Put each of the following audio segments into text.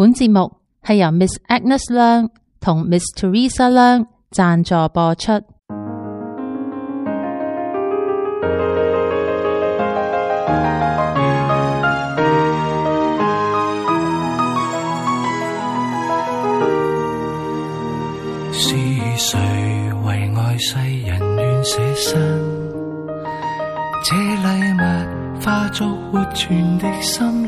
本節目係由 Miss Agnes 梁同 Miss Teresa 梁贊助播出。是誰為愛世人願捨身？這禮物化作活存的心。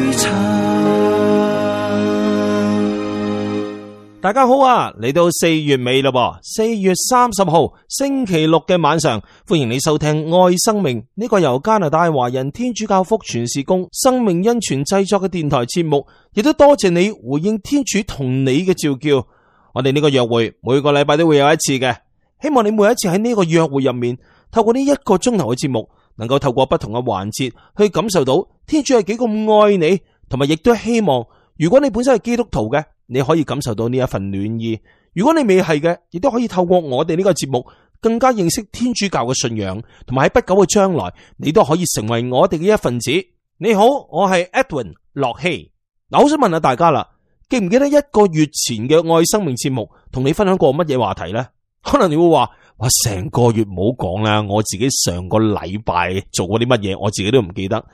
大家好啊！嚟到四月尾啦，四月三十號星期六嘅晚上，歡迎你收聽《愛生命》呢個由加拿大華人天主教福傳事工生命恩泉製作嘅電台節目。亦都多謝你回應天主同你嘅召叫。我哋呢個約會每個禮拜都會有一次嘅，希望你每一次喺呢個約會入面，透過呢一個鐘頭嘅節目，能夠透過不同嘅環節去感受到天主係幾咁愛你，同埋亦都希望。如果你本身係基督徒嘅，你可以感受到呢一份暖意；如果你未係嘅，亦都可以透過我哋呢個節目，更加認識天主教嘅信仰，同埋喺不久嘅將來，你都可以成為我哋嘅一份子。你好，我係 Edwin 洛希。嗱，我想問下大家啦，記唔記得一個月前嘅愛生命節目同你分享過乜嘢話題呢？可能你會話：哇，成個月冇講啦，我自己上個禮拜做過啲乜嘢，我自己都唔記得。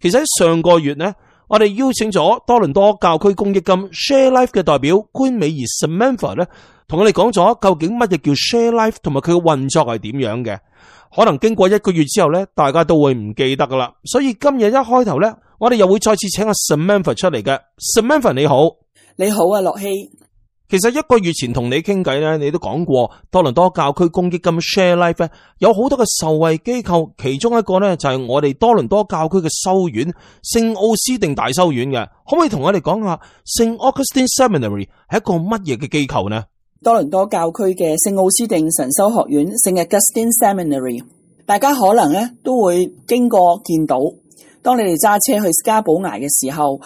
其實喺上個月呢。我哋邀請咗多倫多教區公益金 Share Life 嘅代表官美儀 Samantha 咧，同我哋講咗究竟乜嘢叫 Share Life，同埋佢嘅運作係點樣嘅。可能經過一個月之後咧，大家都會唔記得噶啦。所以今日一開頭咧，我哋又會再次請阿 Samantha 出嚟嘅。Samantha 你好。你好啊，樂希。其實一個月前同你傾偈咧，你都講過多倫多教區公益金 share life 咧，有好多嘅受惠機構，其中一個咧就係我哋多倫多教區嘅修院聖奧斯定大修院嘅。可唔可以同我哋講下聖奧斯定 Seminary 係一個乜嘢嘅機構呢？多倫多教區嘅聖奧斯定神修學院聖 Augustine Seminary，聖 Augustine Seminary，大家可能咧都會經過見到，當你哋揸車去斯加寶崖嘅時候。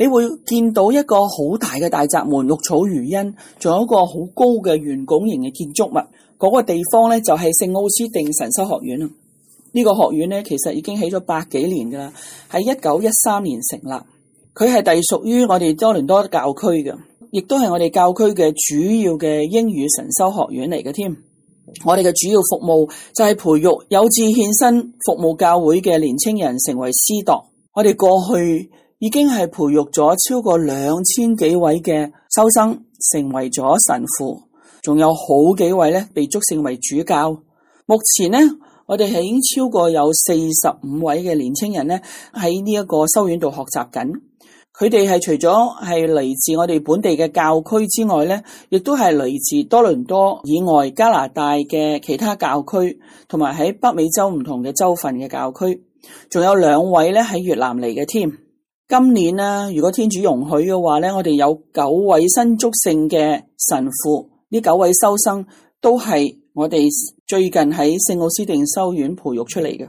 你會見到一個好大嘅大閘門，綠草如茵，仲有一個好高嘅圓拱形嘅建築物。嗰個地方呢，就係聖奧斯定神修學院。呢個學院呢，其實已經起咗百幾年噶啦，喺一九一三年成立，佢係隸屬於我哋多倫多教區嘅，亦都係我哋教區嘅主要嘅英語神修學院嚟嘅添。我哋嘅主要服務就係培育有志獻身服務教會嘅年青人成為司鐸。我哋過去。已經係培育咗超過兩千幾位嘅修生成為咗神父，仲有好幾位咧被祝成為主教。目前呢，我哋係已經超過有四十五位嘅年青人咧喺呢一個修院度學習緊。佢哋係除咗係嚟自我哋本地嘅教區之外咧，亦都係嚟自多倫多以外加拿大嘅其他教區，同埋喺北美洲唔同嘅州份嘅教區，仲有兩位咧喺越南嚟嘅添。今年咧，如果天主容許嘅話呢，我哋有九位新祝聖嘅神父，呢九位修生都係我哋最近喺聖奧斯定修院培育出嚟嘅。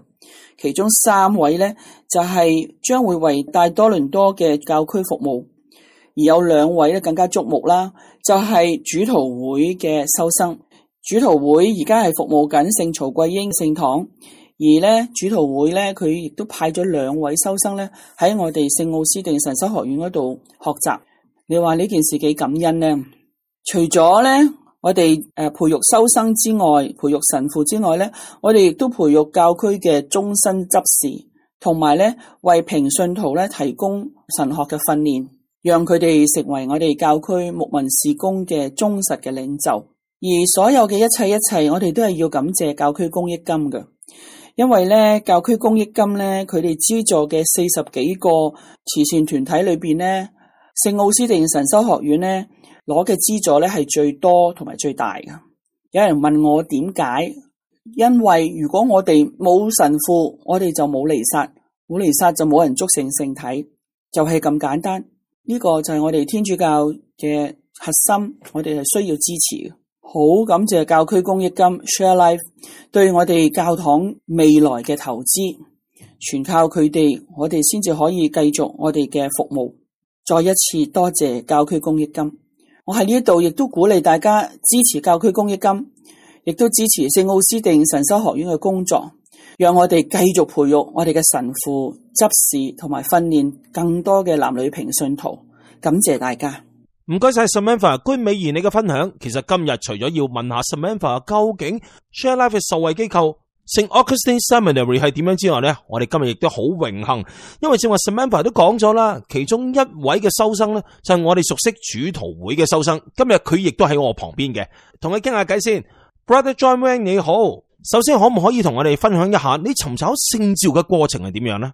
其中三位呢，就係將會為大多倫多嘅教區服務，而有兩位咧更加矚目啦，就係、是、主徒會嘅修生。主徒會而家係服務緊聖曹桂英聖堂。而咧，主徒會咧，佢亦都派咗兩位修生咧喺我哋聖奧斯定神修學院嗰度學習。你話呢件事幾感恩呢？除咗咧，我哋誒培育修生之外，培育神父之外咧，我哋亦都培育教區嘅終身執事，同埋咧為平信徒咧提供神學嘅訓練，讓佢哋成為我哋教區牧民事工嘅忠實嘅領袖。而所有嘅一切一切，我哋都係要感謝教區公益金嘅。因為咧，教區公益金咧，佢哋資助嘅四十幾個慈善團體裏邊咧，聖奧斯定神修學院咧，攞嘅資助咧係最多同埋最大嘅。有人問我點解？因為如果我哋冇神父，我哋就冇彌撒，冇彌撒就冇人祝聖聖體，就係咁簡單。呢個就係我哋天主教嘅核心，我哋係需要支持嘅。好感謝教區公益金 Share Life 對我哋教堂未來嘅投資，全靠佢哋，我哋先至可以繼續我哋嘅服務。再一次多謝教區公益金，我喺呢度亦都鼓勵大家支持教區公益金，亦都支持聖奧斯定神修學院嘅工作，讓我哋繼續培育我哋嘅神父執事，同埋訓練更多嘅男女平信徒。感謝大家。唔該晒，Samantha，居美儀，你嘅分享其實。今日除咗要問下 Samantha 究竟 Share Life 嘅受惠機構 St. Augustine Seminary 係點樣之外咧，我哋今日亦都好榮幸，因為正話 Samantha 都講咗啦，其中一位嘅修生咧就係我哋熟悉主徒會嘅修生，今日佢亦都喺我旁邊嘅，同佢傾下偈先。Brother John Wang 你好，首先可唔可以同我哋分享一下你尋找聖召嘅過程係點樣咧？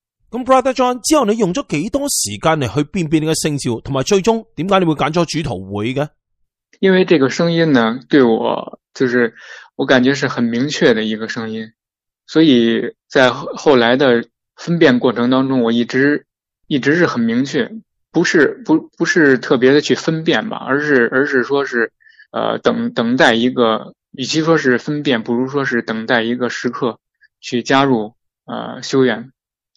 咁 Brother John，之後你用咗幾多時間嚟去辨別呢個聖召，同埋最終點解你會揀咗主徒會嘅？因為這個聲音呢，對我就是我感覺是很明確的一個聲音，所以在後來的分辨過程當中，我一直一直是很明確，不是不不是特別的去分辨吧，而是而是說是，呃，等等待一個，與其說是分辨，不如說是等待一個時刻去加入，呃，修院。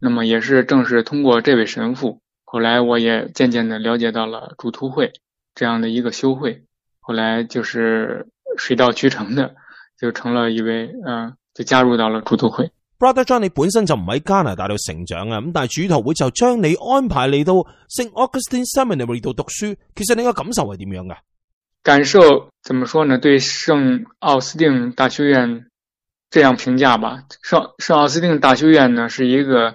那麼也是正是通過這位神父，後來我也漸漸的了解到了主徒會這樣的一個修會，後來就是水到渠成的，就成了一位，嗯、呃，就加入到了主徒會。Brother John，你本身就唔喺加拿大度成長啊，咁但係主徒會就將你安排你到 St. Augustine Seminary 度讀書，其實你嘅感受係點樣嘅？感受，怎，感受怎麼說呢？對聖奧斯汀大學院這樣評價吧。聖聖奧斯汀大學院呢是一個。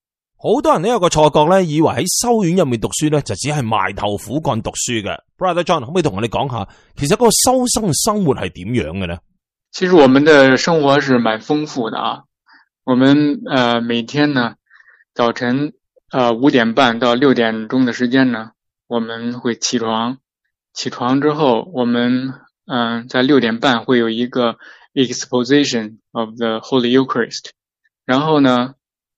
好多人都有個錯覺呢，以為喺修院入面讀書呢，就只係埋頭苦幹讀書嘅。Brother John 可唔可以同我哋講下，其實個修生嘅生活係點樣嘅呢？其實我們的生活是蠻豐富的啊。我們呃每天呢早晨誒五點半到六點鐘嘅時間呢，我們會起床。起床之後，我們嗯在六點半會有一個 Exposition of the Holy Eucharist。然後呢？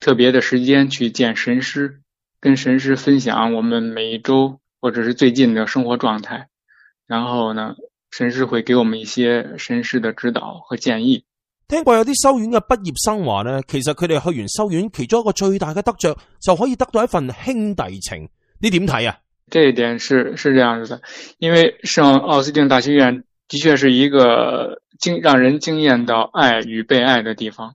特別的時間去見神師，跟神師分享我們每一周或者是最近的生活狀態，然後呢，神師會給我們一些神師的指導和建議。聽過有啲修院嘅畢業生話呢，其實佢哋去完修院，其中一個最大嘅得着，就可以得到一份兄弟情。你點睇啊？這一點是是這樣子的，因為聖奧斯定大學院的確是一個驚讓人驚艷到愛與被愛的地方。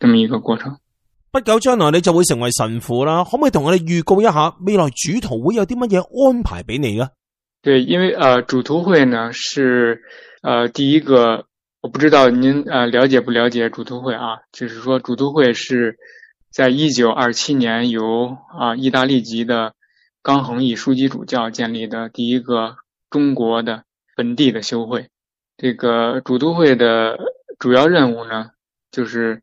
咁樣一個過程，不久將來你就會成為神父啦。可唔可以同我哋預告一下未來主徒會有啲乜嘢安排畀你啊？對，因為呃主徒會呢是呃第一個，我不知道您呃了解不了解主徒會啊？就是說主徒會是在一九二七年由啊、呃、意大利籍的岡恆義樞機主教建立的第一個中國的本地的修會。這個主徒會的主要任務呢，就是。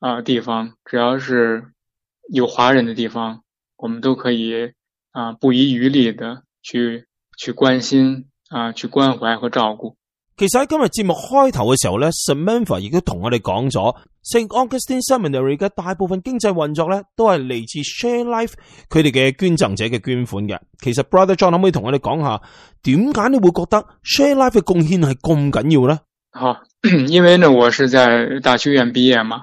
啊，地方只要是有華人的地方，我們都可以啊，不遺餘力的去去關心啊，去關懷和照顧。其實，喺今日節目開頭嘅時候咧，Samantha 亦都同我哋講咗，Saint Augustine Seminary 嘅大部分經濟運作咧，都係嚟自 Share Life 佢哋嘅捐贈者嘅捐款嘅。其實，Brother John 可唔可以同我哋講下，點解你會覺得 Share Life 嘅貢獻係咁緊要咧？吓，因為呢，我是在大學院畢業嘛。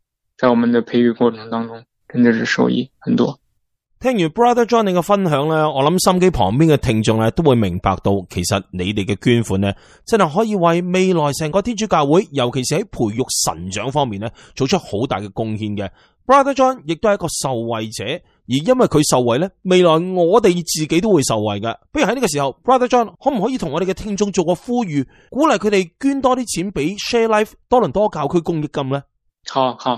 在我們的培育過程當中，真的是受益很多。聽完 Brother John 你嘅分享咧，我諗心機旁邊嘅聽眾咧，都會明白到，其實你哋嘅捐款咧，真係可以為未來成個天主教會，尤其是喺培育神長方面咧，做出好大嘅貢獻嘅。Brother John 亦都係一個受惠者，而因為佢受惠咧，未來我哋自己都會受惠㗎。不如喺呢個時候，Brother John 可唔可以同我哋嘅聽眾做個呼籲，鼓勵佢哋捐多啲錢俾 Share Life 多倫多教區公益金咧？好好。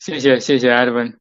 謝謝謝謝 Edward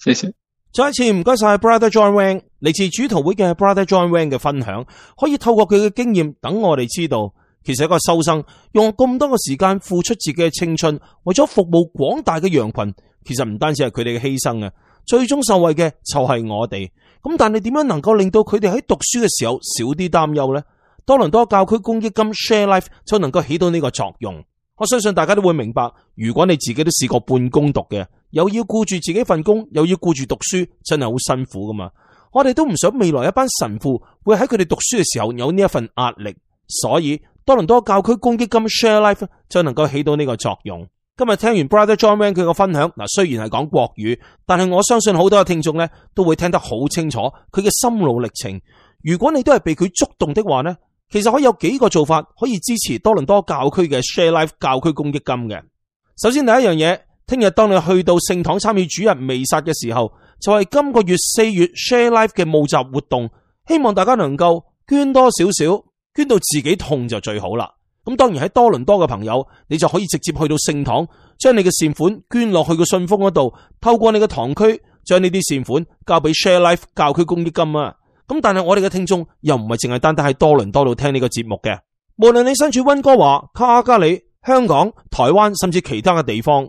謝謝再一次唔該晒 Brother John Wang 嚟自主徒會嘅 Brother John Wang 嘅分享，可以透過佢嘅經驗，等我哋知道其實一個修生用咁多嘅時間付出自己嘅青春，為咗服務廣大嘅羊群，其實唔單止係佢哋嘅犧牲啊，最終受惠嘅就係我哋。咁但係點樣能夠令到佢哋喺讀書嘅時候少啲擔憂呢？多倫多教區公益金 Share Life 就能夠起到呢個作用。我相信大家都會明白，如果你自己都試過半工讀嘅。又要顧住自己份工，又要顧住讀書，真係好辛苦噶嘛！我哋都唔想未來一班神父會喺佢哋讀書嘅時候有呢一份壓力，所以多倫多教區公益金 Share Life 就能夠起到呢個作用。今日聽完 Brother John Wang 佢嘅分享，嗱雖然係講國語，但係我相信好多嘅聽眾咧都會聽得好清楚佢嘅心路歷程。如果你都係被佢觸動的話咧，其實可以有幾個做法可以支持多倫多教區嘅 Share Life 教區公益金嘅。首先第一樣嘢。聽日當你去到聖堂參與主日彌撒嘅時候，就係今個月四月 Share Life 嘅募集活動。希望大家能夠捐多少少，捐到自己痛就最好啦。咁當然喺多倫多嘅朋友，你就可以直接去到聖堂，將你嘅善款捐落去個信封嗰度，透過你嘅堂區將呢啲善款交俾 Share Life 教區公益金啊。咁但係我哋嘅聽眾又唔係淨係單單喺多倫多度聽呢個節目嘅，無論你身處溫哥華、卡加里、香港、台灣，甚至其他嘅地方。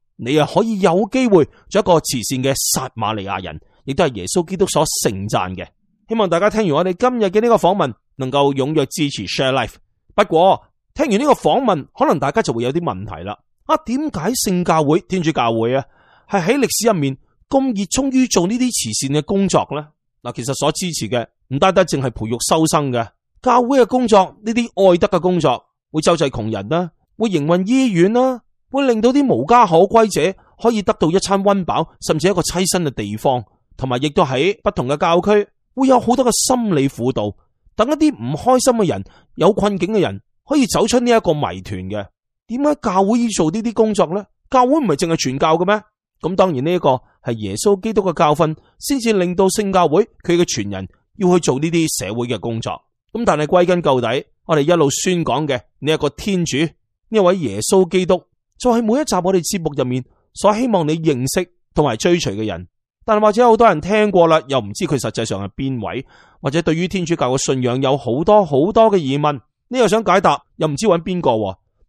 你又可以有機會做一個慈善嘅撒馬利亞人，亦都係耶穌基督所盛讚嘅。希望大家聽完我哋今日嘅呢個訪問，能夠踴躍支持 Share Life。不過聽完呢個訪問，可能大家就會有啲問題啦。啊，點解聖教會、天主教會啊，係喺歷史入面咁熱衷於做呢啲慈善嘅工作咧？嗱，其實所支持嘅唔單單淨係培育修生嘅教會嘅工作，呢啲愛德嘅工作，會周濟窮人啦，會營運醫院啦。會令到啲無家可歸者可以得到一餐溫飽，甚至一個棲身嘅地方，同埋亦都喺不同嘅教區會有好多嘅心理輔導，等一啲唔開心嘅人，有困境嘅人可以走出呢一個謎團嘅。點解教會要做呢啲工作呢？教會唔係淨係傳教嘅咩？咁當然呢一個係耶穌基督嘅教訓，先至令到聖教會佢嘅傳人要去做呢啲社會嘅工作。咁但係歸根究底，我哋一路宣講嘅呢一個天主，呢位耶穌基督。就喺、是、每一集我哋節目入面，所希望你認識同埋追隨嘅人，但或者有好多人聽過啦，又唔知佢實際上係邊位，或者對於天主教嘅信仰有好多好多嘅疑問，你又想解答，又唔知搵邊個？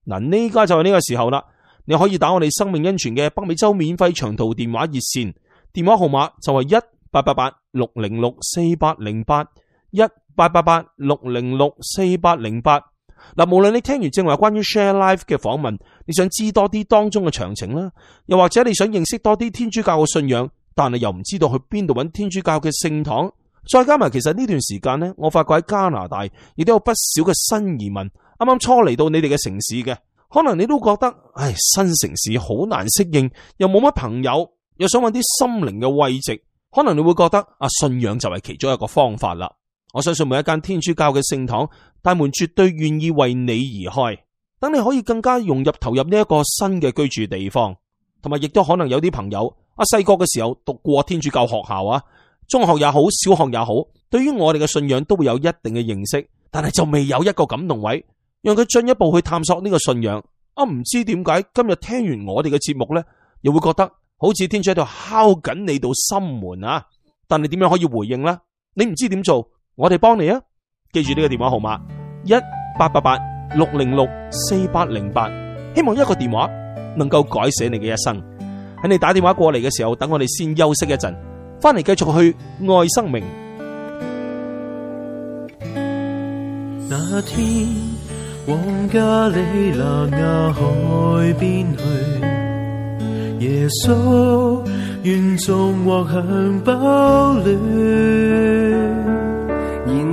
嗱，呢家就係呢個時候啦，你可以打我哋生命恩泉嘅北美洲免費長途電話熱線，電話號碼就係一八八八六零六四八零八，一八八八六零六四八零八。嗱，無論你聽完正話關於 Share Life 嘅訪問，你想知多啲當中嘅詳情啦，又或者你想認識多啲天主教嘅信仰，但係又唔知道去邊度搵天主教嘅聖堂。再加埋，其實呢段時間呢，我發覺喺加拿大亦都有不少嘅新移民，啱啱初嚟到你哋嘅城市嘅，可能你都覺得，唉，新城市好難適應，又冇乜朋友，又想搵啲心靈嘅慰藉，可能你會覺得，啊，信仰就係其中一個方法啦。我相信每一間天主教嘅聖堂大門絕對願意為你而開，等你可以更加融入投入呢一個新嘅居住地方，同埋亦都可能有啲朋友啊，細個嘅時候讀過天主教學校啊，中學也好，小學也好，對於我哋嘅信仰都會有一定嘅認識，但係就未有一個感動位，讓佢進一步去探索呢個信仰。啊，唔知點解今日聽完我哋嘅節目呢，又會覺得好似天主喺度敲緊你道心門啊！但你點樣可以回應呢？你唔知點做？我哋幫你啊，記住呢個電話號碼：一八八八六零六四八零八。希望一個電話能夠改寫你嘅一生。喺你打電話過嚟嘅時候，等我哋先休息一陣，翻嚟繼續去愛生命。那天往加利納亞海邊去，耶穌願將我向包暖。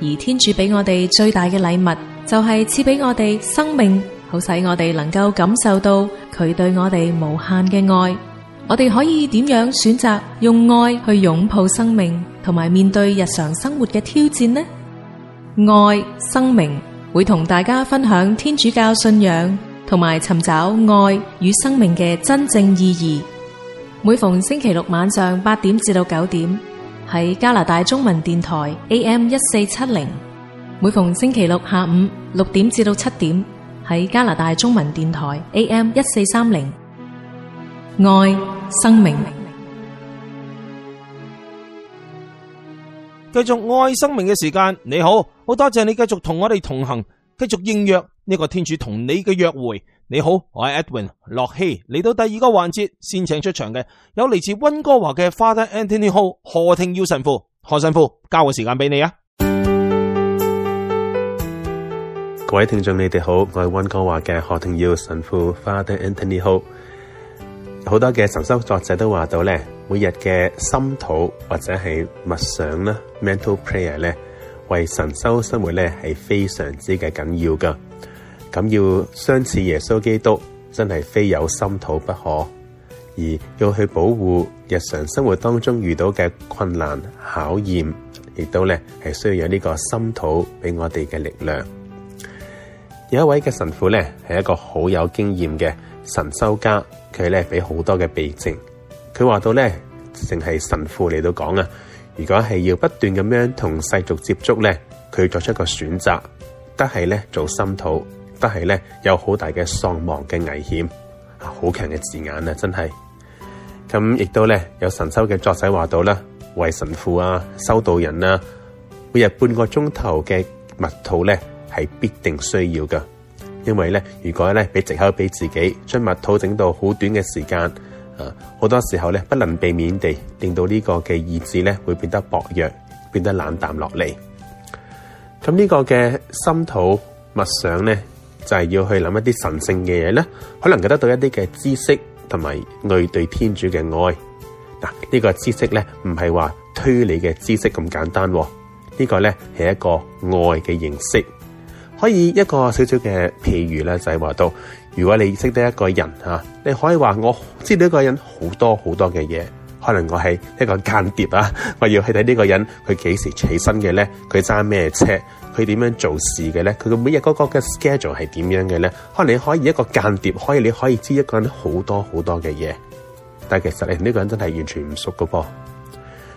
而天主俾我哋最大嘅禮物，就係賜俾我哋生命，好使我哋能夠感受到佢對我哋無限嘅愛。我哋可以點樣選擇用愛去擁抱生命，同埋面對日常生活嘅挑戰呢？愛生命會同大家分享天主教信仰，同埋尋找愛與生命嘅真正意義。每逢星期六晚上八點至到九點。喺加拿大中文電台 AM 一四七零，每逢星期六下午六點至到七點，喺加拿大中文電台 AM 一四三零，愛生命。繼續愛生命嘅時間，你好，好多謝你繼續同我哋同行，繼續應約呢個天主同你嘅約會。你好，我係 Edwin 洛希，嚟到第二個環節，先請出場嘅有嚟自溫哥華嘅 Father Anthony Ho 何聽耀神父，何神父，交個時間俾你啊！各位聽眾，你哋好，我係溫哥華嘅何聽耀神父 Father Anthony Ho。好多嘅神修作者都話到咧，每日嘅心禱或者係默想啦，mental prayer 咧，為神修生活咧係非常之嘅緊要噶。咁要相似耶穌基督，真係非有心禱不可。而要去保護日常生活當中遇到嘅困難考驗，亦都咧係需要有呢個心禱俾我哋嘅力量。有一位嘅神父咧，係一個好有經驗嘅神修家，佢咧俾好多嘅秘證。佢話到咧，淨係神父嚟到講啊，如果係要不斷咁樣同世俗接觸咧，佢作出一個選擇，得係咧做心禱。都係咧，有好大嘅喪亡嘅危險，啊，好強嘅字眼啊，真係咁，亦都咧有神修嘅作者話到啦，為神父啊、修道人啊，每日半個鐘頭嘅蜜土咧係必定需要噶，因為咧如果咧俾藉口俾自己將蜜土整到好短嘅時間，啊，好多時候咧不能避免地令到呢個嘅意志咧會變得薄弱，變得冷淡落嚟。咁呢個嘅心土默想咧。就係、是、要去諗一啲神聖嘅嘢咧，可能佢得到一啲嘅知識，同埋愛對天主嘅愛。嗱，呢個知識咧，唔係話推理嘅知識咁簡單，這個、呢個咧係一個愛嘅形式。可以一個少少嘅譬如咧，就係話到，如果你識得一個人吓，你可以話我知道呢個人好多好多嘅嘢，可能我係一個間諜啊，我要去睇呢個人佢幾時起身嘅咧，佢揸咩車。佢點樣做事嘅咧？佢嘅每日嗰個嘅 schedule 係點樣嘅咧？可能你可以一個間諜，可以你可以知一個人好多好多嘅嘢，但係其實你呢個人真係完全唔熟㗎噃。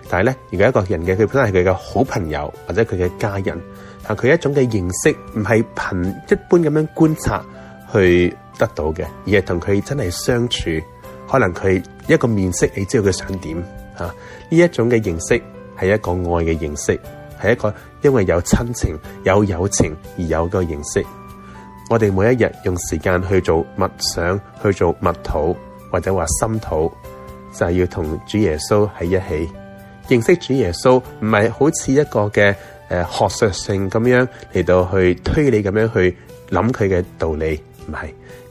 但係咧，如果一個人嘅佢本身係佢嘅好朋友或者佢嘅家人，吓佢一種嘅認識唔係憑一般咁樣觀察去得到嘅，而係同佢真係相處，可能佢一個面色你知道佢想點吓，呢一種嘅認識係一個愛嘅認識。係一個因為有親情、有友情而有嘅認識。我哋每一日用時間去做默想、去做默禱或者話心禱，就係要同主耶穌喺一起認識主耶穌，唔係好似一個嘅誒學術性咁樣嚟到去推理咁樣去諗佢嘅道理，唔係，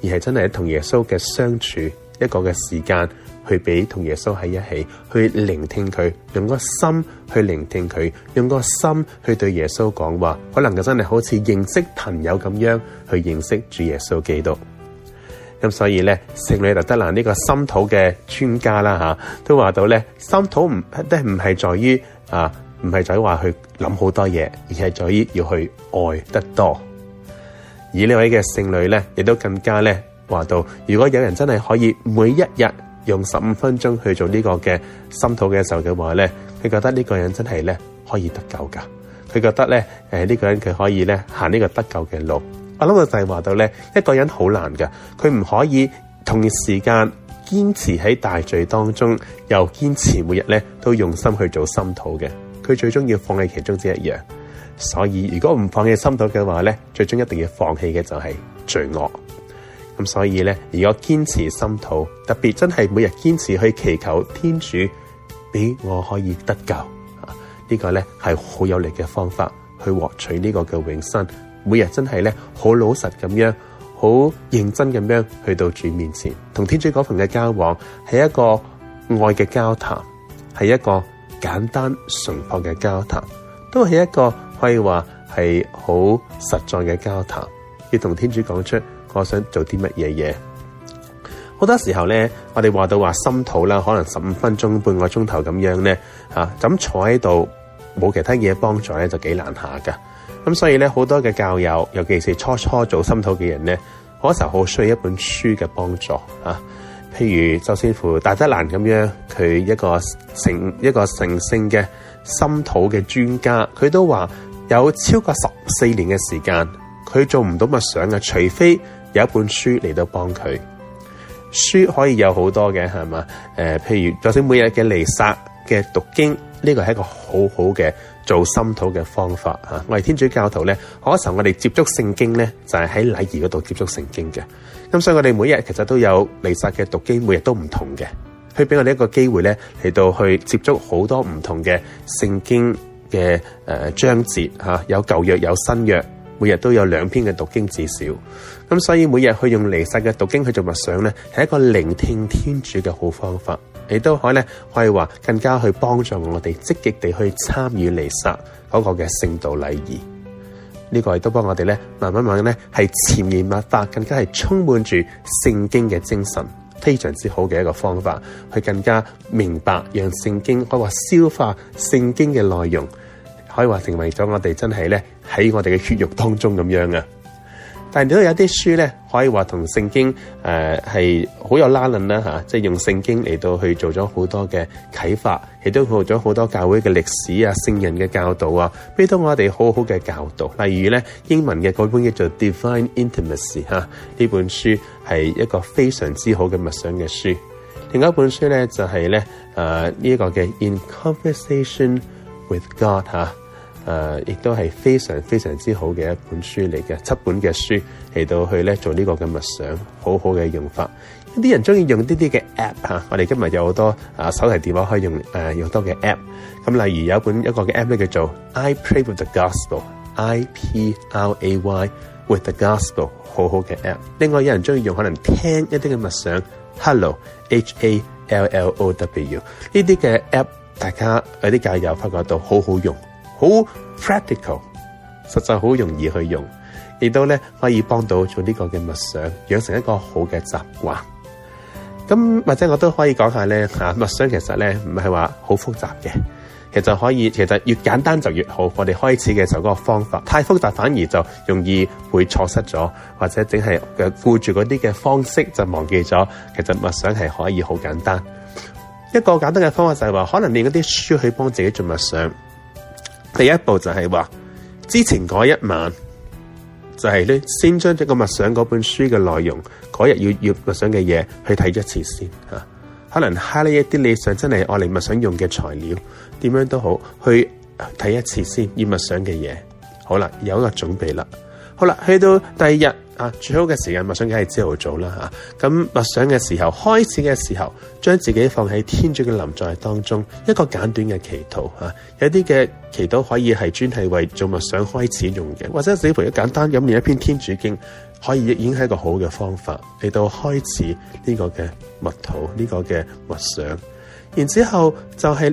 而係真係同耶穌嘅相處一個嘅時間。去俾同耶穌喺一起，去聆聽佢，用個心去聆聽佢，用個心去對耶穌講話。可能佢真係好似認識朋友咁樣去認識主耶穌基督。咁所以咧，聖女大德蘭呢個心禱嘅專家啦，吓都話到咧，心禱唔都唔係在於啊，唔係在於話去諗好多嘢，而係在於要去愛得多。而呢位嘅聖女咧，亦都更加咧話到，如果有人真係可以每一日。用十五分鐘去做呢個嘅心肚嘅時候嘅話咧，佢覺得呢個人真係咧可以得救噶，佢覺得咧誒呢個人佢可以咧行呢個得救嘅路。我諗到就係話到咧，一個人好難噶，佢唔可以同時間堅持喺大罪當中，又堅持每日咧都用心去做心肚嘅，佢最終要放棄其中之一樣。所以如果唔放棄心肚嘅話咧，最終一定要放棄嘅就係罪惡。咁所以咧，如果堅持心禱，特別真係每日堅持去祈求天主俾我可以得救，呢個咧係好有力嘅方法去獲取呢個嘅永生。每日真係咧好老實咁樣，好認真咁樣去到主面前，同天主嗰份嘅交往係一個愛嘅交談，係一個簡單純樸嘅交談，都係一個可以話係好實在嘅交談，要同天主講出。我想做啲乜嘢嘢？好多時候咧，我哋話到話心土啦，可能十五分鐘、半個鐘頭咁樣咧，吓、啊、咁坐喺度冇其他嘢幫助咧，就幾難下噶。咁所以咧，好多嘅教友，尤其是初初做心土嘅人咧，好多時候好需要一本書嘅幫助啊。譬如周先富、大德蘭咁樣，佢一個成一個成聖嘅心土嘅專家，佢都話有超過十四年嘅時間，佢做唔到默想嘅，除非。有一本書嚟到幫佢，書可以有好多嘅，係嘛？誒、呃，譬如就算每日嘅彌撒嘅讀經，呢、這個係一個很好好嘅做心禱嘅方法啊！我哋天主教徒咧，嗰時候我哋接觸聖經咧，就係、是、喺禮儀嗰度接觸聖經嘅。咁所以我哋每日其實都有彌撒嘅讀經，每日都唔同嘅，去俾我哋一個機會咧嚟到去接觸好多唔同嘅聖經嘅誒、呃、章節吓、啊，有舊約有新約。每日都有兩篇嘅讀經至少，咁所以每日去用彌撒嘅讀經去做默想咧，係一個聆聽天主嘅好方法。你都可咧，可以話更加去幫助我哋積極地去參與彌撒嗰個嘅聖道禮儀。呢個亦都幫我哋咧，慢慢慢慢咧係潛移默化，更加係充滿住聖經嘅精神，非常之好嘅一個方法，去更加明白，讓聖經可以話消化聖經嘅內容，可以話成為咗我哋真係咧。喺我哋嘅血肉當中咁樣啊，但係如果有啲書咧，可以話同聖經誒、呃、係好有拉論啦吓，即、啊、係、就是、用聖經嚟到去做咗好多嘅啟發，亦都學咗好多教會嘅歷史啊、聖人嘅教導啊，俾到我哋好好嘅教導。例如咧，英文嘅嗰本叫做《Divine Intimacy》吓，呢、啊、本書係一個非常之好嘅默想嘅書。另外一本書咧就係咧誒呢一、啊這個嘅《In Conversation with God》吓。啊誒、呃，亦都係非常非常之好嘅一本書嚟嘅，七本嘅書嚟到去咧做呢個嘅默想，好好嘅用法。啲人中意用呢啲嘅 app、啊、我哋今日有好多啊手提電話可以用誒、啊、用多嘅 app、啊。咁例如有一本有一個嘅 app 咧叫做 I pray with the gospel，I P R A Y with the gospel，好好嘅 app。另外有人中意用可能聽一啲嘅默想，Hallow，H A L L O W，呢啲嘅 app 大家有啲教友發覺到好好用。好 practical，實際好容易去用，亦都咧可以幫到做呢個嘅默想，養成一個好嘅習慣。咁或者我都可以講下咧吓默想，默想其實咧唔係話好複雜嘅，其實可以其實越簡單就越好。我哋開始嘅時候嗰個方法太複雜，反而就容易會錯失咗，或者淨係嘅顧住嗰啲嘅方式就忘記咗。其實默想係可以好簡單，一個簡單嘅方法就係、是、話可能你嗰啲書去幫自己做默想。第一步就係話，之前嗰一晚就係咧，先將這個默想嗰本書嘅內容，嗰日要要默想嘅嘢去睇一次先吓、啊。可能吓呢一啲你想真係我嚟默想用嘅材料，點樣都好，去睇一次先，要默想嘅嘢，好啦，有一個準備啦。好啦，去到第二日。啊，最好嘅時間默想梗係朝頭早啦，啊！咁默想嘅時候，開始嘅時候，將自己放喺天主嘅臨在當中，一個簡短嘅祈禱，嚇、啊、有啲嘅祈禱可以係專係為做默想開始用嘅，或者你陪一簡單咁念一篇天主經，可以已經係一個好嘅方法嚟到開始呢個嘅默禱，呢、呢個嘅默想。然之後就係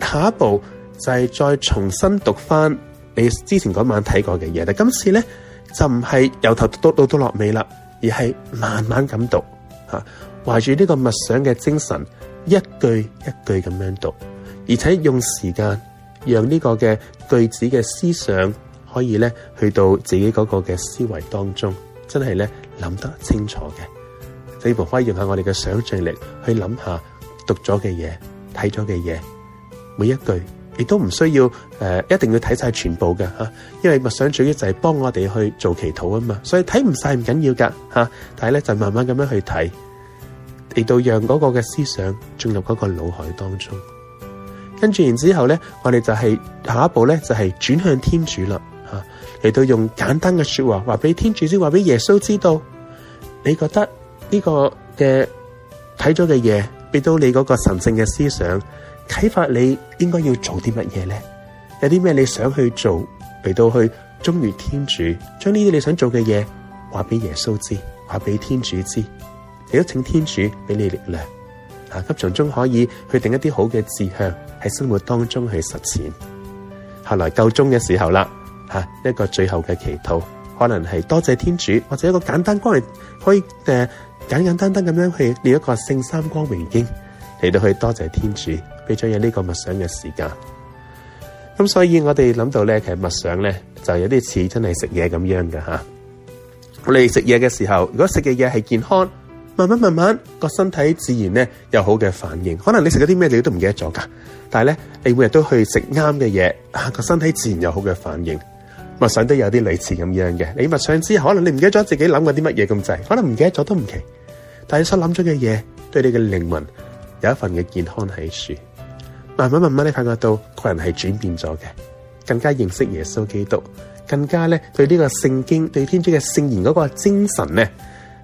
下一步，就係再重新讀翻你之前嗰晚睇過嘅嘢，但今次咧。就唔係由頭讀到頭到落尾啦，而係慢慢咁讀，吓、啊，懷住呢個默想嘅精神，一句一句咁樣讀，而且用時間讓呢個嘅句子嘅思想可以咧去到自己嗰個嘅思維當中，真係咧諗得清楚嘅。你唔可以用下我哋嘅想象力去諗下讀咗嘅嘢，睇咗嘅嘢，每一句。亦都唔需要誒、呃，一定要睇晒全部嘅吓、啊，因為默想主義就係幫我哋去做祈禱啊嘛，所以睇唔晒唔緊要噶吓，但係咧就慢慢咁樣去睇，嚟到讓嗰個嘅思想進入嗰個腦海當中，跟住然之後咧，我哋就係、是、下一步咧，就係、是、轉向天主啦吓，嚟、啊、到用簡單嘅說話話俾天主先話俾耶穌知道，你覺得呢個嘅睇咗嘅嘢，俾到你嗰個神聖嘅思想。啟發你應該要做啲乜嘢咧？有啲咩你想去做？嚟到去忠於天主，將呢啲你想做嘅嘢話俾耶穌知，話俾天主知，亦都請天主俾你力量。啊，咁從中可以去定一啲好嘅志向，喺生活當中去實踐。後來夠鐘嘅時候啦，吓一個最後嘅祈禱，可能係多謝天主，或者一個簡單關係，可以誒簡簡單單咁樣去念一個聖三光榮經。嚟到去，多謝天主俾咗有呢個默想嘅時間。咁所以我哋諗到咧，其實默想咧就有啲似真係食嘢咁樣噶吓。我哋食嘢嘅時候，如果食嘅嘢係健康，慢慢慢慢個身體自然咧有好嘅反應。可能你食咗啲咩嘢你都唔記得咗噶，但係咧你每日都去食啱嘅嘢，個身體自然有好嘅反應。默想都有啲類似咁樣嘅。你默想之後，可能你唔記得咗自己諗過啲乜嘢咁滯，可能唔記得咗都唔奇，但係你所諗咗嘅嘢對你嘅靈魂，有一份嘅健康喺樹慢慢慢慢咧，發覺到個人係轉變咗嘅，更加認識耶穌基督，更加咧對呢個聖經對天主嘅聖言嗰個精神咧，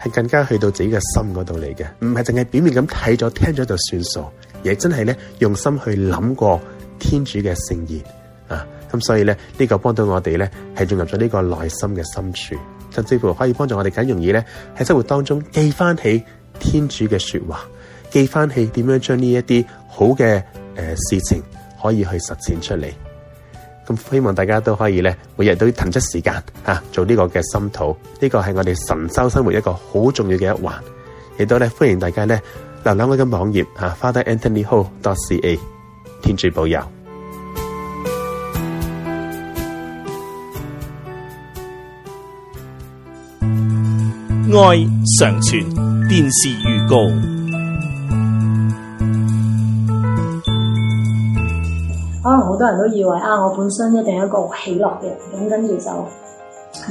係更加去到自己嘅心嗰度嚟嘅，唔係淨係表面咁睇咗聽咗就算數，而係真係咧用心去諗過天主嘅聖言啊，咁所以咧呢個幫到我哋咧係進入咗呢個內心嘅深處，甚至乎可以幫助我哋更容易咧喺生活當中記翻起天主嘅說話。記翻起點樣將呢一啲好嘅誒、呃、事情可以去實踐出嚟，咁希望大家都可以咧，每日都騰出時間吓、啊、做呢個嘅心禱，呢、這個係我哋神修生活一個好重要嘅一環。亦都咧歡迎大家咧瀏覽我嘅網頁啊，花旦 Anthony Ho dot CA，天主保佑，愛常傳電視預告。可能好多人都以為啊，我本身一定有一個喜樂嘅人，咁跟住就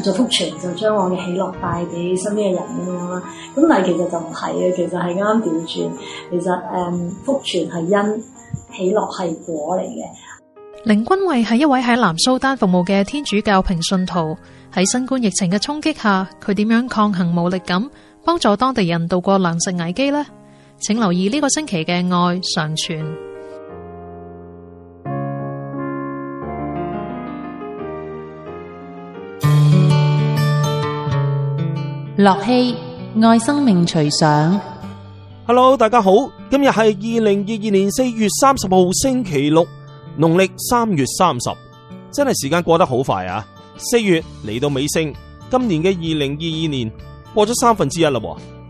做福傳，就將我嘅喜樂帶俾身邊嘅人咁樣啦。咁但係其實就唔係嘅，其實係啱啱調轉，其實誒、嗯、福傳係因，喜樂係果嚟嘅。凌君慧係一位喺南蘇丹服務嘅天主教平信徒，喺新冠疫情嘅衝擊下，佢點樣抗衡無力感，幫助當地人度過糧食危機呢？請留意呢個星期嘅愛常傳。樂器愛生命隨想，Hello，大家好，今日係二零二二年四月三十號星期六，農曆三月三十，真係時間過得好快啊！四月嚟到尾聲，今年嘅二零二二年過咗三分之一啦，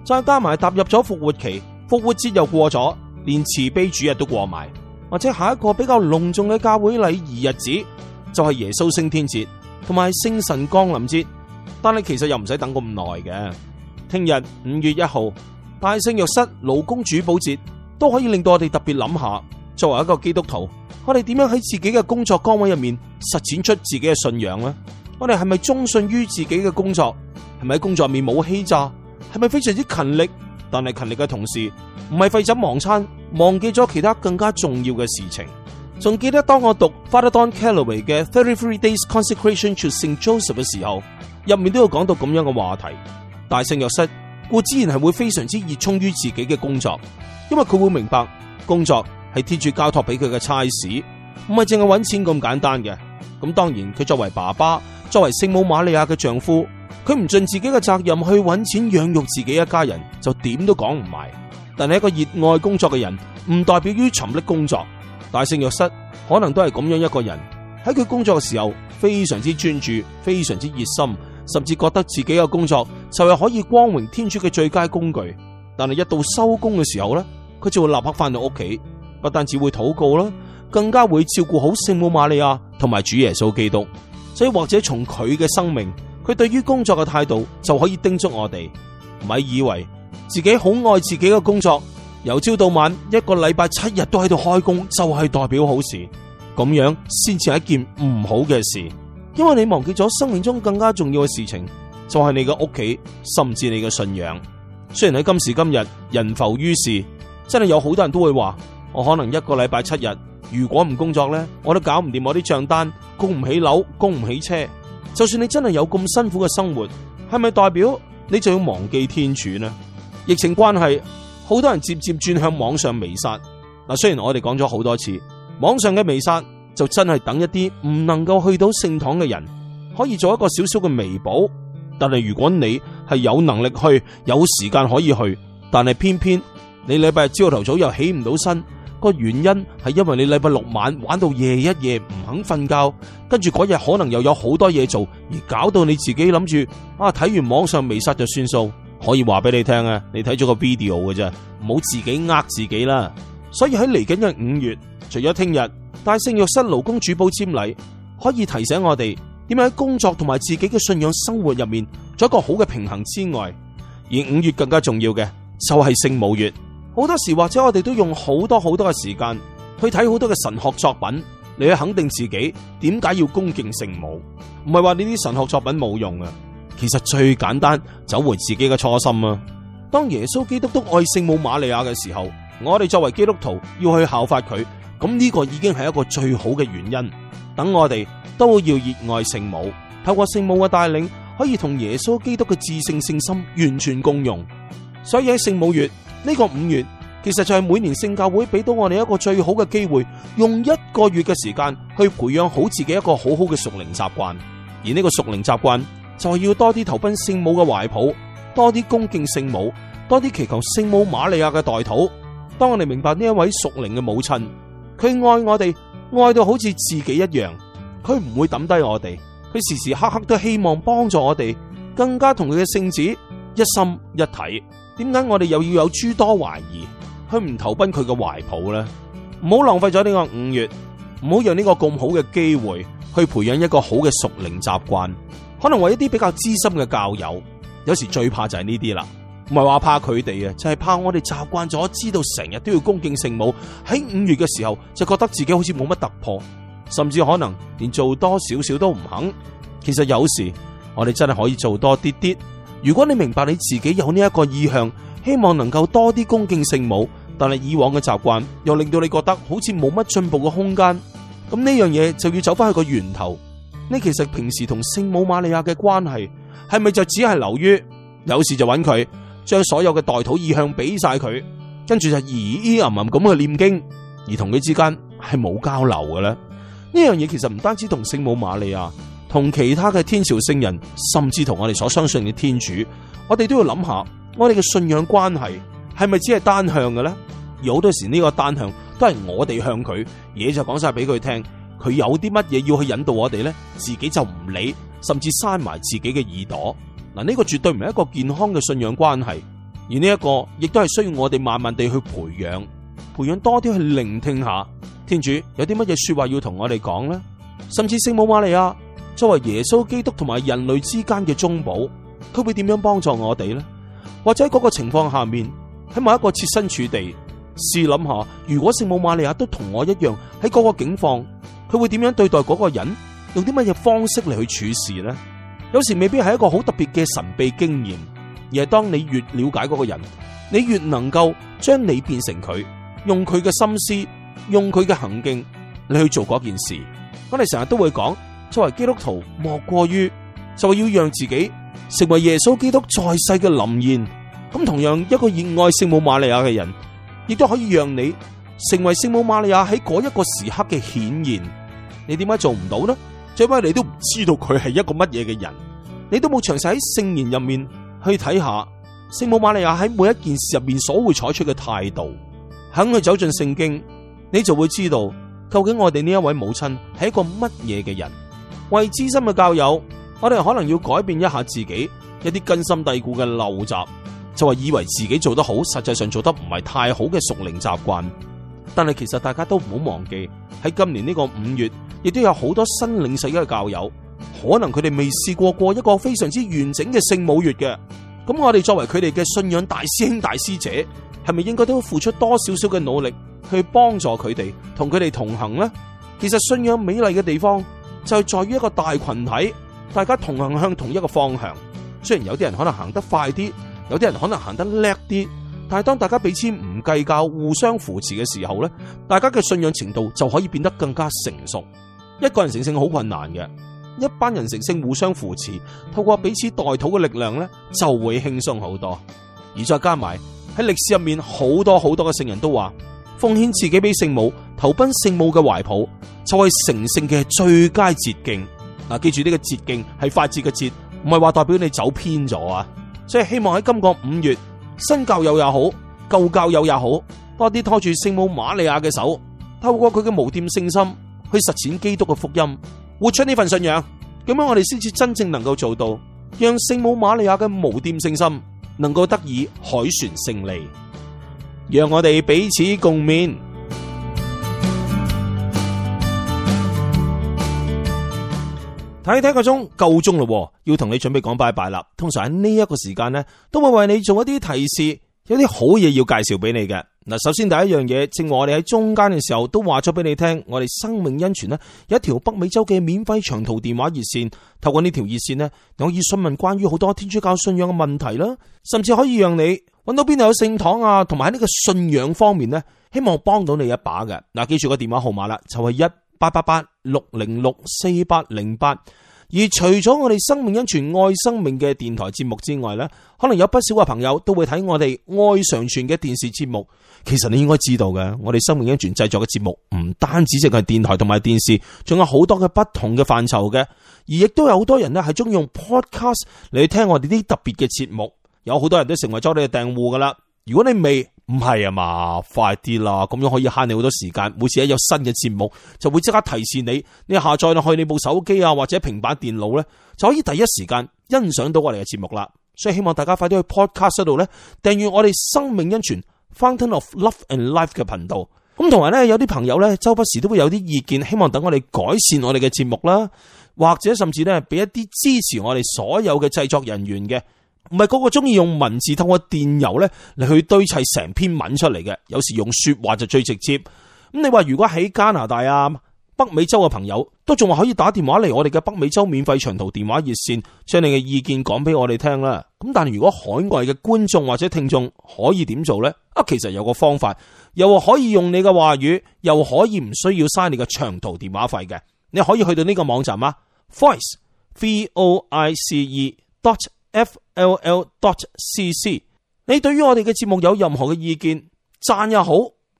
再加埋踏入咗復活期，復活節又過咗，連慈悲主日都過埋，或者下一個比較隆重嘅教會禮儀日子就係耶穌升天節，同埋聖神降臨節。但係其實又唔使等咁耐嘅。聽日五月一號，大聖若瑟勞工主保節都可以令到我哋特別諗下，作為一個基督徒，我哋點樣喺自己嘅工作崗位入面實踐出自己嘅信仰呢？我哋係咪忠信於自己嘅工作？係咪喺工作入面冇欺詐？係咪非常之勤力？但係勤力嘅同時，唔係廢寢忘餐，忘記咗其他更加重要嘅事情？仲記得當我讀 Father Don Calloway 嘅 Thirty Three Days Consecration to Saint Joseph 嘅時候。入面都有講到咁樣嘅話題，大聖若瑟固然係會非常之熱衷於自己嘅工作，因為佢會明白工作係天主交託俾佢嘅差事，唔係淨係搵錢咁簡單嘅。咁當然，佢作為爸爸，作為聖母瑪利亞嘅丈夫，佢唔盡自己嘅責任去搵錢養育自己一家人，就點都講唔埋。但係一個熱愛工作嘅人，唔代表於沉溺工作。大聖若瑟可能都係咁樣一個人，喺佢工作嘅時候，非常之專注，非常之熱心。甚至覺得自己嘅工作就係可以光榮天主嘅最佳工具，但係一到收工嘅時候咧，佢就會立刻翻到屋企，不單止會禱告啦，更加會照顧好聖母瑪利亞同埋主耶穌基督。所以或者從佢嘅生命，佢對於工作嘅態度就可以叮囑我哋，唔係以為自己好愛自己嘅工作，由朝到晚一個禮拜七日都喺度開工，就係代表好事，咁樣先至係一件唔好嘅事。因為你忘記咗生命中更加重要嘅事情，就係你嘅屋企，甚至你嘅信仰。雖然喺今時今日，人浮於事，真係有好多人都會話，我可能一個禮拜七日，如果唔工作呢，我都搞唔掂我啲賬單，供唔起樓，供唔起車。就算你真係有咁辛苦嘅生活，係咪代表你就要忘記天主呢？疫情關係，好多人接接轉向網上彌撒。嗱，雖然我哋講咗好多次，網上嘅彌撒。就真係等一啲唔能夠去到聖堂嘅人，可以做一個少少嘅彌補。但係如果你係有能力去，有時間可以去，但係偏偏你禮拜日朝頭早又起唔到身，個原因係因為你禮拜六晚玩到夜一夜唔肯瞓覺，跟住嗰日可能又有好多嘢做，而搞到你自己諗住啊，睇完網上彌撒就算數，可以話俾你聽啊，你睇咗個 video 嘅啫，唔好自己呃自己啦。所以喺嚟緊嘅五月，除咗聽日。大聖若瑟勞工主保瞻禮，可以提醒我哋點樣喺工作同埋自己嘅信仰生活入面，做一個好嘅平衡之外，而五月更加重要嘅就係聖母月。好多時候或者我哋都用好多好多嘅時間去睇好多嘅神學作品嚟去肯定自己，點解要恭敬聖母？唔係話呢啲神學作品冇用啊！其實最簡單，走回自己嘅初心啊！當耶穌基督都愛聖母瑪利亞嘅時候，我哋作為基督徒要去效法佢。咁、這、呢個已經係一個最好嘅原因。等我哋都要熱愛聖母，透過聖母嘅帶領，可以同耶穌基督嘅至聖聖心完全共融。所以喺聖母月呢、這個五月，其實就係每年聖教會俾到我哋一個最好嘅機會，用一個月嘅時間去培養好自己一個好好嘅屬靈習慣。而呢個屬靈習慣就係要多啲投奔聖母嘅懷抱，多啲恭敬聖母，多啲祈求聖母瑪利亞嘅代禱。當我哋明白呢一位屬靈嘅母親。佢愛我哋，愛到好似自己一樣。佢唔會抌低我哋，佢時時刻刻都希望幫助我哋，更加同佢嘅聖子一心一體。點解我哋又要有諸多懷疑？佢唔投奔佢嘅懷抱呢？唔好浪費咗呢個五月，唔好讓呢個咁好嘅機會去培養一個好嘅熟靈習慣。可能為一啲比較資深嘅教友，有時最怕就係呢啲啦。唔係話怕佢哋啊，就係怕我哋習慣咗，知道成日都要恭敬聖母。喺五月嘅時候，就覺得自己好似冇乜突破，甚至可能連做多少少都唔肯。其實有時我哋真係可以做多啲啲。如果你明白你自己有呢一個意向，希望能夠多啲恭敬聖母，但係以往嘅習慣又令到你覺得好似冇乜進步嘅空間。咁呢樣嘢就要走翻去個源頭。呢其實平時同聖母瑪利亞嘅關係，係咪就只係流於有事就揾佢，將所有嘅代禱意向俾晒佢，跟住就咿咿吟吟咁去念經，而同佢之間係冇交流嘅咧。呢樣嘢其實唔單止同聖母瑪利亞、同其他嘅天朝聖人，甚至同我哋所相信嘅天主，我哋都要諗下，我哋嘅信仰關係係咪只係單向嘅咧？有好多時呢個單向都係我哋向佢嘢就講晒俾佢聽，佢有啲乜嘢要去引導我哋咧，自己就唔理，甚至閂埋自己嘅耳朵。嗱，呢個絕對唔係一個健康嘅信仰關係，而呢一個亦都係需要我哋慢慢地去培養，培養多啲去聆聽一下天主有啲乜嘢說話要同我哋講呢？甚至聖母瑪利亞作為耶穌基督同埋人類之間嘅中保，佢會點樣幫助我哋呢？或者喺嗰個情況下面，喺某一個設身處地試諗下，如果聖母瑪利亞都同我一樣喺嗰個境況，佢會點樣對待嗰個人，用啲乜嘢方式嚟去處事呢？有時未必係一個好特別嘅神秘經驗，而係當你越了解嗰個人，你越能夠將你變成佢，用佢嘅心思，用佢嘅行徑，你去做嗰件事。我哋成日都會講，作為基督徒，莫過於就要讓自己成為耶穌基督在世嘅臨現。咁同樣，一個熱愛聖母瑪利亞嘅人，亦都可以讓你成為聖母瑪利亞喺嗰一個時刻嘅顯現。你點解做唔到呢？最尾你都唔知道佢係一個乜嘢嘅人，你都冇詳細喺聖言入面去睇下聖母瑪利亞喺每一件事入面所會採取嘅態度。肯去走進聖經，你就會知道究竟我哋呢一位母親係一個乜嘢嘅人。為資深嘅教友，我哋可能要改變一下自己一啲根深蒂固嘅陋習，就係以為自己做得好，實際上做得唔係太好嘅屬靈習慣。但係其實大家都唔好忘記喺今年呢個五月。亦都有好多新領洗嘅教友，可能佢哋未試過過一個非常之完整嘅聖母月嘅。咁我哋作為佢哋嘅信仰大師兄大師姐，係咪應該都會付出多少少嘅努力去幫助佢哋，同佢哋同行咧？其實信仰美麗嘅地方就係在於一個大群體，大家同行向同一個方向。雖然有啲人可能行得快啲，有啲人可能行得叻啲，但係當大家彼此唔計較、互相扶持嘅時候咧，大家嘅信仰程度就可以變得更加成熟。一個人成聖好困難嘅，一班人成聖互相扶持，透過彼此代禱嘅力量咧，就會輕鬆好多。而再加埋喺歷史入面，好多好多嘅聖人都話奉獻自己俾聖母，投奔聖母嘅懷抱，就係成聖嘅最佳捷徑。嗱，記住呢個捷徑係快捷嘅捷，唔係話代表你走偏咗啊。所以希望喺今個五月，新教友也好，舊教友也好，多啲拖住聖母瑪利亞嘅手，透過佢嘅無玷聖心。去實踐基督嘅福音，活出呢份信仰，咁樣我哋先至真正能夠做到，讓聖母瑪利亞嘅無玷聖心能夠得以凱旋勝利，讓我哋彼此共勉。睇睇個鐘，夠鐘咯，要同你準備講拜拜啦。通常喺呢一個時間咧，都會為你做一啲提示，有啲好嘢要介紹俾你嘅。嗱，首先第一樣嘢，正如我哋喺中間嘅時候都話咗俾你聽，我哋生命恩泉呢有一條北美洲嘅免費長途電話熱線，透過呢條熱線呢可以詢問關於好多天主教信仰嘅問題啦，甚至可以讓你揾到邊度有聖堂啊，同埋喺呢個信仰方面呢，希望幫到你一把嘅。嗱，記住個電話號碼啦，就係一八八八六零六四八零八。而除咗我哋生命恩泉愛生命嘅電台節目之外呢，可能有不少嘅朋友都會睇我哋愛常傳嘅電視節目。其實你應該知道嘅，我哋生命恩泉製作嘅節目唔單止淨係電台同埋電視，仲有好多嘅不同嘅範疇嘅。而亦都有好多人呢，係中意用 podcast 嚟聽我哋啲特別嘅節目。有好多人都成為咗你嘅訂戶噶啦。如果你未，唔係啊嘛，快啲啦，咁樣可以慳你好多時間。每次一有新嘅節目，就會即刻提示你，你下載落去你部手機啊，或者平板電腦呢，就可以第一時間欣賞到我哋嘅節目啦。所以希望大家快啲去 Podcast 嗰度呢，訂閱我哋生命恩泉 Fountain of Love and Life 嘅頻道。咁同埋呢，有啲朋友呢，周不時都會有啲意見，希望等我哋改善我哋嘅節目啦，或者甚至呢，俾一啲支持我哋所有嘅製作人員嘅。唔係個個中意用文字通過電郵咧嚟去堆砌成篇文出嚟嘅。有時用說話就最直接。咁你話如果喺加拿大啊北美洲嘅朋友都仲話可以打電話嚟我哋嘅北美洲免費長途電話熱線，將你嘅意見講俾我哋聽啦。咁但係如果海外嘅觀眾或者聽眾可以點做咧？啊，其實有個方法又可以用你嘅話語，又可以唔需要嘥你嘅長途電話費嘅。你可以去到呢個網站啊，voice voice v o i c e dot f l l dot c c，你對於我哋嘅節目有任何嘅意見，讚也好，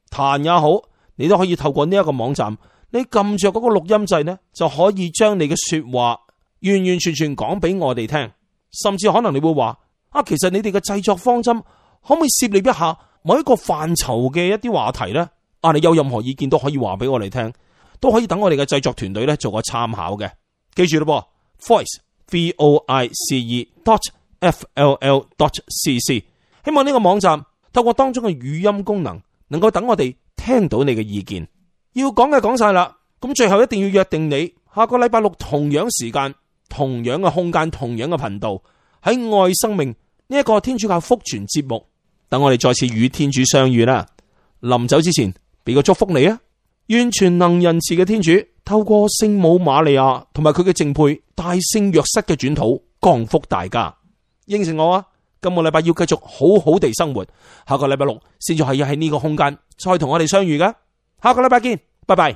彈也好，你都可以透過呢一個網站，你撳着嗰個錄音掣呢，就可以將你嘅說話完完全全講俾我哋聽。甚至可能你會話啊，其實你哋嘅製作方針可唔可以涉獵一下某一個範疇嘅一啲話題呢？啊，你有任何意見都可以話俾我哋聽，都可以等我哋嘅製作團隊呢做個參考嘅。記住啦噃，voice v o i c e dot。f l l dot c c，希望呢個網站透過當中嘅語音功能，能夠等我哋聽到你嘅意見。要講嘅講晒啦，咁最後一定要約定你下個禮拜六同樣時間、同樣嘅空間、同樣嘅頻道喺愛生命呢一個天主教福傳節目，等我哋再次與天主相遇啦。臨走之前，俾個祝福你啊！願全能仁慈嘅天主透過聖母瑪利亞同埋佢嘅淨配大聖若瑟嘅轉禱，降福大家。應承我啊！今個禮拜要繼續好好地生活。下個禮拜六先至係喺呢個空間再同我哋相遇噶。下個禮拜見，拜拜。